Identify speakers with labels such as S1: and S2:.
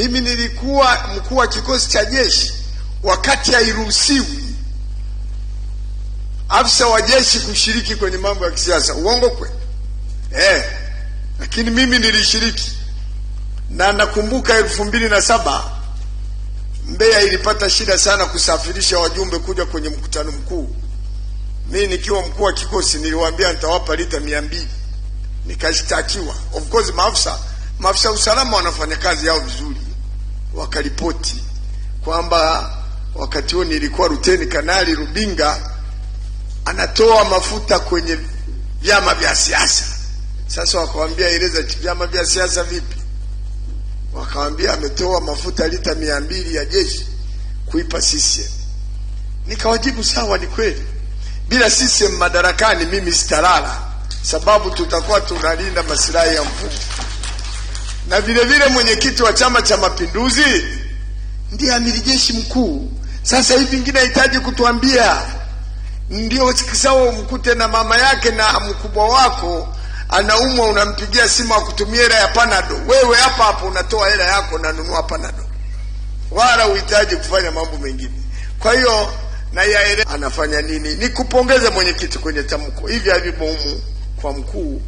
S1: Mimi nilikuwa mkuu wa kikosi cha jeshi wakati hairuhusiwi afisa wa jeshi kushiriki kwenye mambo ya kisiasa. Uongo kweli? Eh, lakini mimi nilishiriki na nakumbuka elfu mbili na saba Mbeya ilipata shida sana kusafirisha wajumbe kuja kwenye mkutano mkuu. Mi nikiwa mkuu wa kikosi niliwaambia nitawapa lita mia mbili nikashtakiwa. Of course maafisa maafisa usalama wanafanya kazi yao vizuri wakaripoti kwamba wakati huo nilikuwa ruteni Kanali Rubinga anatoa mafuta kwenye vyama vya siasa. Sasa wakawambia, eleza vyama vya siasa vipi? Wakawambia ametoa mafuta lita mia mbili ya jeshi kuipa CCM. Nikawajibu sawa, ni kweli, bila CCM madarakani mimi sitalala, sababu tutakuwa tunalinda masilahi ya mfumo na vile vile mwenyekiti wa Chama cha Mapinduzi ndiye amiri jeshi mkuu. Sasa hivi ngine hahitaji kutuambia, ndio sawa, mkute na mama yake na mkubwa wako anaumwa, unampigia simu akutumia hela ya panado, wewe hapa hapo unatoa hela yako nanunua panado, wala uhitaji kufanya mambo mengine. Kwa hiyo na yaele anafanya nini? Nikupongeze mwenyekiti kwenye tamko, hivi havimo humu kwa mkuu.